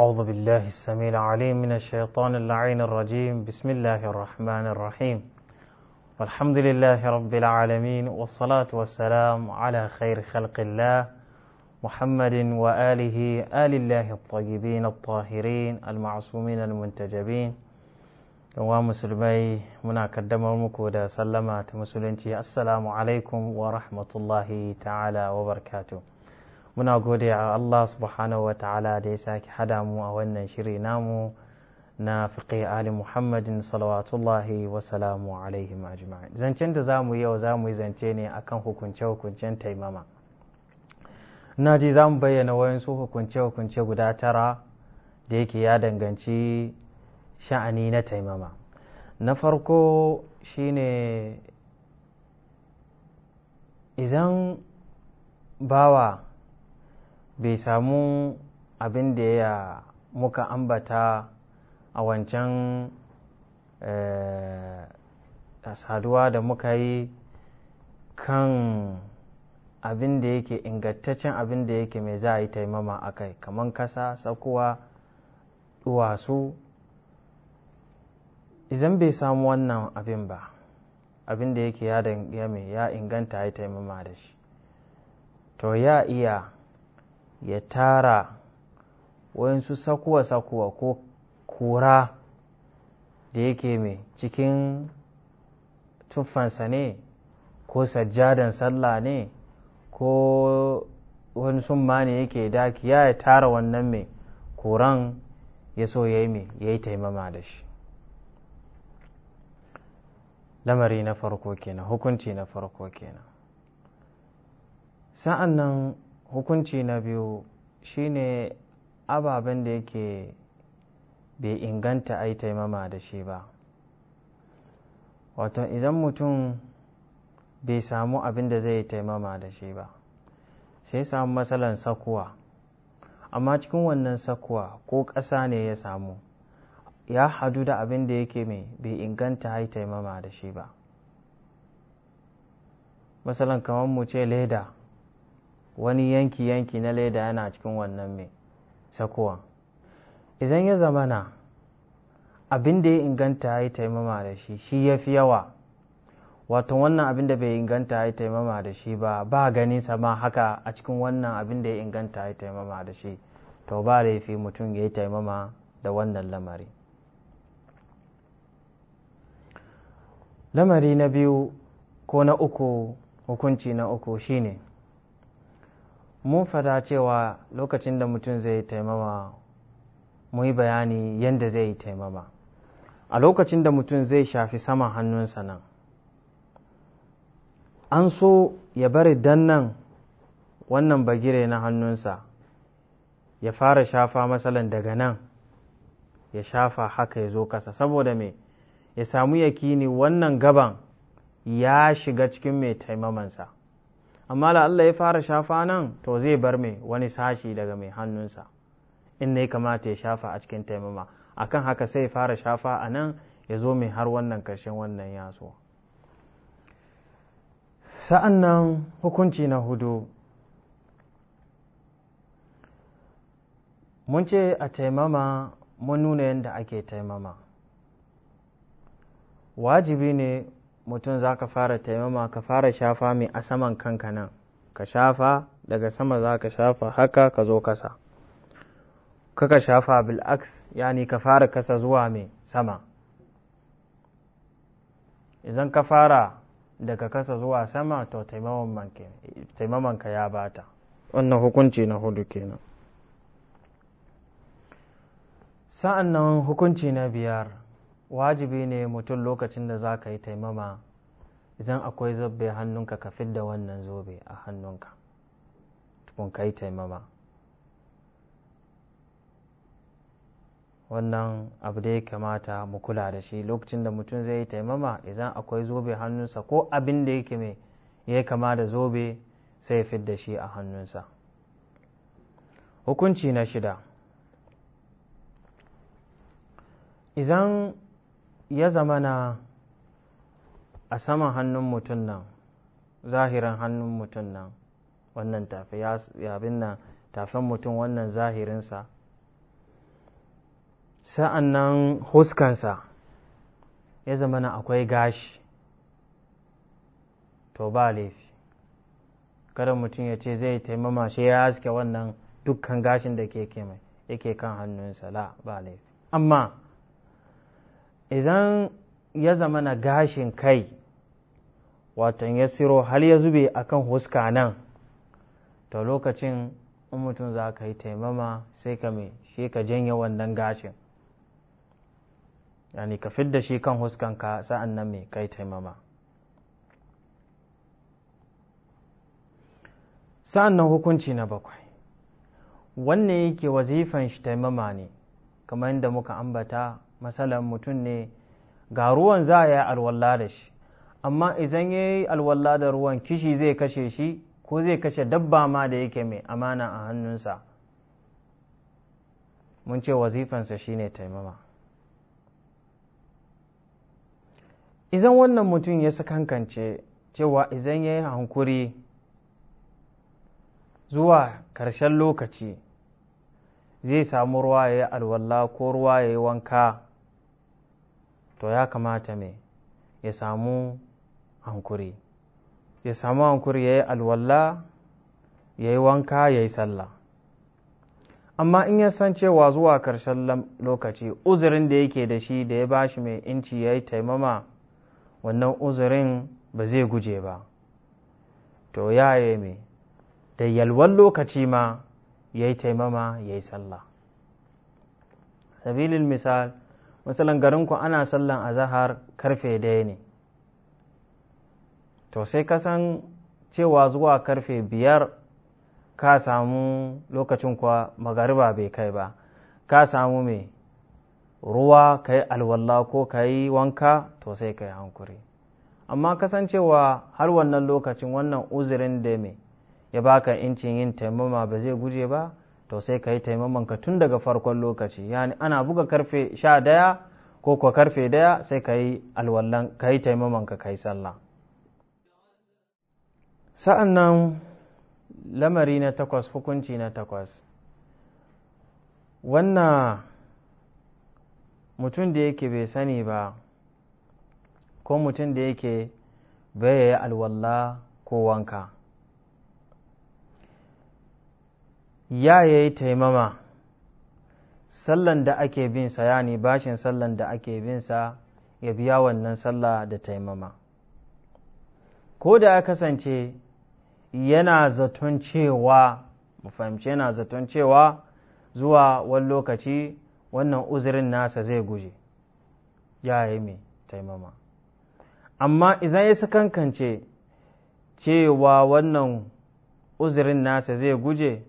أعوذ بالله السميع العليم من الشيطان اللعين الرجيم بسم الله الرحمن الرحيم والحمد لله رب العالمين والصلاة والسلام على خير خلق الله محمد وآله آل الله الطيبين الطاهرين المعصومين المنتجبين ومسلمي musulmai muna kaddamar سلمات مسلمتي السلام عليكم ورحمة الله تعالى وبركاته muna gode a Allah subhanahu wa ta'ala da ya sake hada mu a wannan shiri namu na fiƙe ali muhammadin salawatullahi wa salamu alaihi ajma'in zancen da za mu yi yau za mu yi zance ne akan hukunce hukuncen taimama na ji za mu bayyana wayansu hukunce hukunce guda tara da yake ya danganci sha'ani na taimama na farko shine idan bawa bai samu abin da ya muka ambata a wancan eh, saduwa da muka yi kan abin da yake ingantaccen abin da yake mai za a yi taimama a kai kamar kasa sakuwa duwatsu idan bai samu wannan abin ba abin da yake ya inganta ya taimama da shi to ya iya ya tara wayansu sakuwa-sakuwa ko kura da yake mai cikin tuffansa ne ko sajjadan sallah ne ko wani ma ne yake daki ya tara wannan mai kuran ya so ya yi mai ya yi taimama da shi lamari na farko kenan hukunci na farko kenan sa'an nan hukunci na biyu shine ababen da yake bai inganta a yi taimama da shi ba wato idan mutum bai samu abin da zai taimama da shi ba sai samu matsalan sakuwa amma cikin wannan sakuwa ko ƙasa ne ya samu ya hadu da abin da yake mai bai inganta yi taimama da shi ba matsalan kamar mu ce leda wani yanki-yanki na leda yana cikin wannan mai sakuwa idan ya zama na. abin da ya inganta ya yi taimama da shi shi ya fi yawa wato wannan abin da bai inganta ya yi taimama da shi ba ba ganin sama haka a cikin wannan abin da ya inganta ya yi taimama da shi to ba laifi mutum ya yi taimama da wannan lamari lamari na biyu ko na uku hukunci na uku shine ne mun fada cewa lokacin da mutum zai taimama mu yi bayani yadda zai yi taimama a lokacin da mutum zai shafi saman hannunsa nan an so ya bari dannan wannan bagire na hannunsa ya fara shafa matsalan daga nan ya shafa haka ya zo kasa saboda me ya samu yakini wannan gaban ya shiga cikin mai taimamansa. amma da Allah ya fara shafa nan to zai bar mai wani sashi daga mai hannunsa in ne kamata ya shafa a cikin taimama akan haka sai fara shafa a nan ya zo mai har wannan karshen wannan yaso sa'an nan hukunci na hudu mun ce a taimama mun nuna yadda ake taimama wajibi ne mutum za ka fara taimama ka fara shafa mai a saman kanka nan ka shafa daga sama za ka shafa haka ka zo kasa kaka shafa ya yani ka fara kasa zuwa mai sama idan ka fara daga kasa zuwa sama to ka ya bata wannan hukunci na hudu kenan sa'an nan hukunci na biyar wajibi ne mutum lokacin da za ka yi taimama idan akwai zobe hannunka ka fidda wannan zobe a hannunka tukun ka yi taimama wannan abu da ya kamata mu kula da shi lokacin da mutum zai yi taimama idan akwai zobe hannunsa ko abin da yake mai ya kama da zobe sai ya fidda shi a hannunsa hukunci na shida idan ya zamana a saman hannun mutum nan zahirin hannun mutum nan wannan tafi ya nan tafin mutum wannan zahirinsa sa'an nan huskansa ya zamana akwai gashi to ba laifi kada mutum ya ce zai taimama shi ya haske wannan dukkan gashin da ke kemai yake kan hannunsa la ba laifi amma idan ya zama na gashin kai watan ya siro har ya zube a kan huska nan ta lokacin in mutum za ka yi taimama sai ka mai shi ka janye wannan gashin yani ka fidda shi kan huskanka sa'an nan mai kai taimama sa'an nan hukunci na bakwai wannan yake wazifan shi taimama ne kamar yadda muka ambata masalan mutum ne ga ruwan za a yi alwalla da shi amma idan ya yi alwalla da ruwan kishi zai kashe shi ko zai kashe dabba ma da yake mai amana a hannunsa mun ce wazifansa ne taimama idan wannan mutum ya sakankance cewa idan ya yi hankuri zuwa ƙarshen lokaci zai samu ruwa ya yi alwalla ko ruwa ya yi wanka to ya kamata me ya samu hankuri ya samu hankuri ya yi alwalla ya yi wanka ya yi sallah amma in ya san cewa zuwa ƙarshen lokaci uzurin da yake da shi da ya ba shi mai inci ya yi taimama wannan uzurin ba zai guje ba to ya yi mai da yalwan lokaci ma ya yi taimama ya yi sallah sabilin misal garin ku ana sallan azahar karfe daya ne to sai ka san cewa zuwa karfe biyar ka samu lokacin kuwa magariba bai kai ba ka samu mai ruwa ka yi alwallah ko ka yi wanka to sai ka yi hankuri amma kasancewa har wannan lokacin wannan uzurin da mai ya baka incin yin taimama ba zai guje ba to sai ka yi taimamanka tun daga farkon lokaci yani ana buga karfe sha daya ko kuwa karfe daya sai ka yi alwallan ka yi taimamanka ka yi sallah sa'an nan lamari na takwas hukunci na takwas wannan mutum da yake bai sani ba ko mutum da yake bai yi alwalla ko wanka ya yayi taimama sallan da ake bin sa ne bashin sallan da ake bin sa ya biya wannan sallah da taimama ko da ya kasance yana zaton cewa mu fahimci yana zaton cewa zuwa wani lokaci wannan uzurin nasa zai guje ya yi mai taimama amma idan ya kankance cewa wannan uzurin nasa zai guje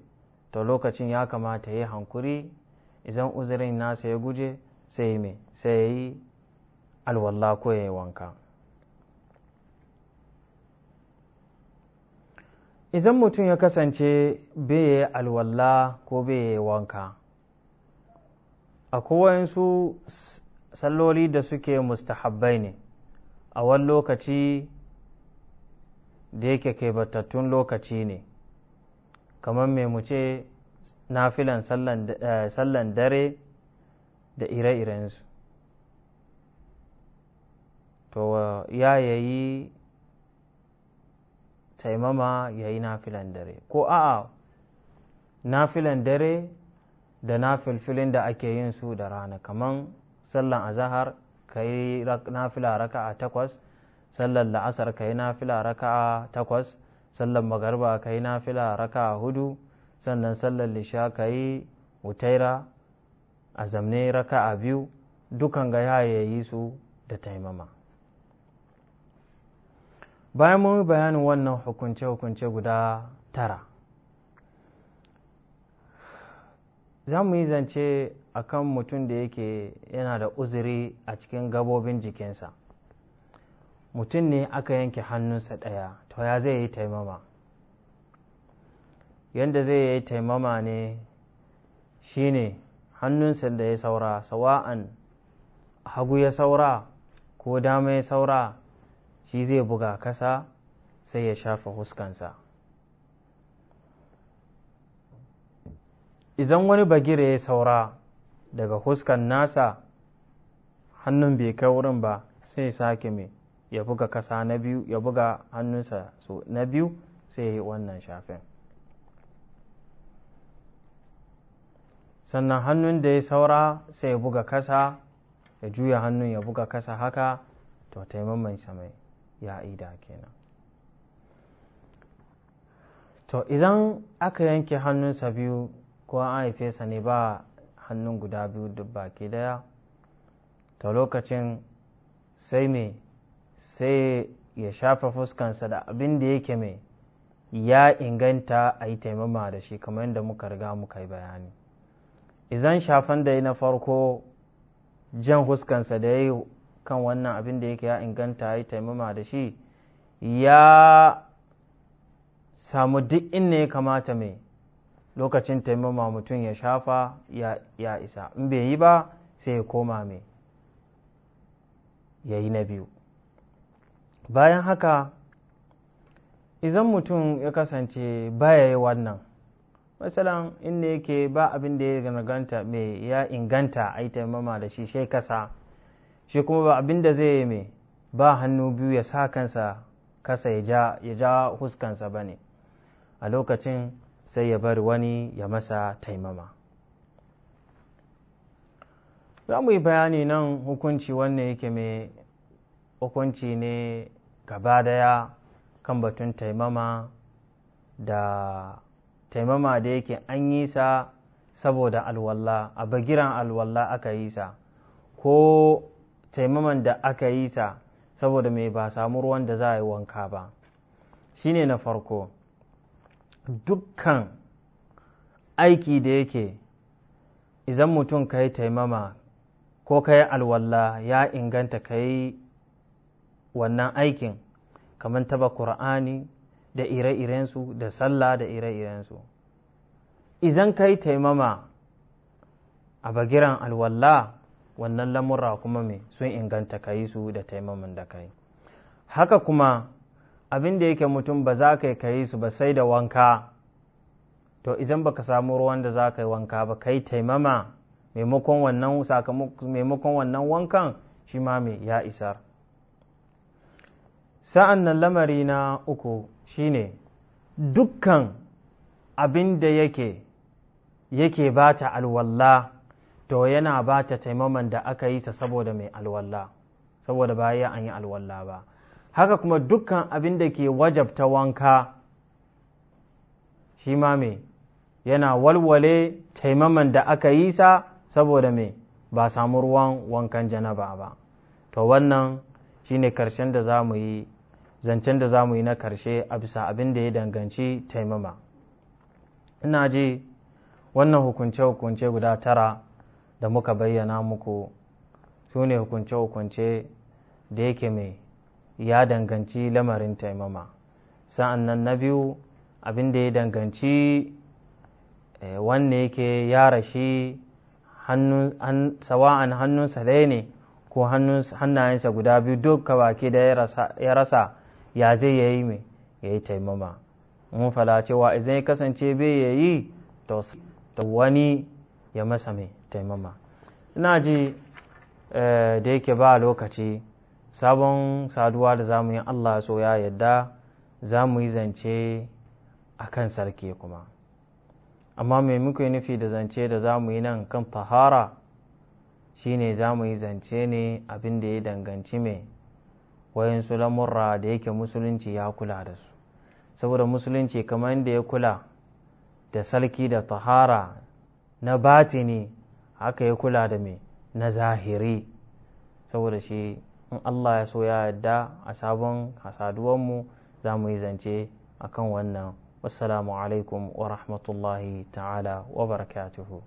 to lokacin ya kamata ya yi hankuri idan uzurin nasa ya guje sai ya mai sai ya yi alwallah ko ya yi wanka idan mutum ya kasance bai yi alwallah ko bai yi wanka akwai wayansu salloli da suke mustahabbai ne a wani lokaci da yake keɓatattun lokaci ne kamar mai mu ce nafilan eh, sallan dare da ire-irensu to ya yayi taimama ya yi nafilan dare ko a'a nafilan dare da nafilfilin da ake yin su da rana kamar sallan azahar ka yi nafila raka'a takwas sallan la'asar ka yi nafila raka'a takwas sallan magarba ka yi nafila raka hudu sannan sallar lisha ka yi wutaira a zamne raka a biyu dukan ga ya yi su da taimama bayan mun bayanin wannan hukunce-hukunce guda tara za mu yi zance a kan mutum da yake yana da uzuri a cikin gabobin jikinsa mutum ne aka yanke hannunsa ɗaya to ya zai yi taimama yadda zai yi taimama ne shine hannunsa da ya saura sawa'an hagu ya saura ko dama ya saura shi zai buga kasa sai ya shafa huskansa izan wani bagire ya saura daga huskan nasa hannun bai kai wurin ba sai sake mai ya buga kasa na biyu ya buga hannunsa so na biyu sai ya yi wannan shafin sannan hannun da ya saura sai ya buga kasa ya juya hannun ya buga kasa haka to taimaman mai ya ida kenan to idan aka yanke hannunsa biyu ko an haife sa ne ba hannun guda biyu duk baki daya to lokacin sai mai sai ya shafa fuskansa da abin da yake mai ya inganta a yi taimama da shi kamar yadda muka riga muka yi bayani izan shafan da ya na farko jan fuskansa da ya yi kan wannan abin da yake ya inganta a yi taimama da shi ya samu duk inda ya kamata mai lokacin taimama mutum ya shafa ya isa in bai yi ba sai ya koma mai ya yi na biyu bayan haka idan mutum ya kasance baya yi wannan matsalan inda yake ba abin da ya ganganta mai ya inganta a yi taimama da shi shai kasa shi kuma ba abin da zai yi mai ba hannu biyu ya sa kansa kasa ya ja huskansa ba ne a lokacin sai ya bar wani ya masa taimama za mu yi bayani nan hukunci wannan yake mai hukunci ne gaba daya kan batun taimama da taimama da yake an yi sa saboda alwalla a bagiran alwalla aka yi sa ko taimaman da aka yi sa saboda mai ba samu ruwan da za a yi wanka ba shine na farko dukkan aiki da yake idan mutum ka yi taimama ko ka yi alwalla ya inganta ka yi wannan aikin kamar taba ƙur'ani da ire-irensu da sallah da ire-irensu Izan ka yi taimama a bagiran alwalla wannan lamura kuma me sun inganta ka su da taimamin da kai. haka kuma abin da yake mutum ba za ka yi ka su ba sai da wanka to izan ba ka samu ruwan da za ka yi wanka ba ka yi taimama maimakon wannan wankan shi ma me ya isar sa'an nan lamari na uku shi ne dukkan abin da yake yake ba ta alwalla to yana ba ta taimaman da aka yi ta saboda mai alwalla saboda baya an yi alwalla ba haka kuma dukkan abin da ke wajabta wanka shi ma mai yana walwale taimaman da aka yi sa saboda mai ba samu ruwan wankan janaba ba to wannan shi ne karshen da za mu yi zancen da za mu yi na karshe a bisa abin da ya danganci taimama ina ji wannan hukunce-hukunce guda tara da muka bayyana muku su ne hukunce-hukunce da yake mai ya danganci lamarin taimama sa'an nan na biyu abin da ya danganci eh, wanne yake ya shi sawa'an hannunsa ɗaya ne ko hannayensa guda biyu duk baki da ya rasa ya zai ya yi mai ya yi taimama mun fala cewa idan ya kasance bai ya yi ta wani ya masa mai taimama ina ji eh, da yake ba lokaci sabon saduwa da zamu yi allah so ya yadda za mu yi zance a kan sarki kuma amma mai muka yi nufi da zance da za mu yi nan kan fahara shine za mu yi zance ne abin da ya danganci mai wayansu lamurra da yake musulunci ya kula da su saboda musulunci kamar yadda ya kula da salki da tahara na batini haka ya kula da mai na zahiri saboda shi in Allah ya so ya yadda a sabon hasaduwanmu za mu yi zance akan wannan wassalamu alaikum wa rahmatullahi ta'ala wa barakatuhu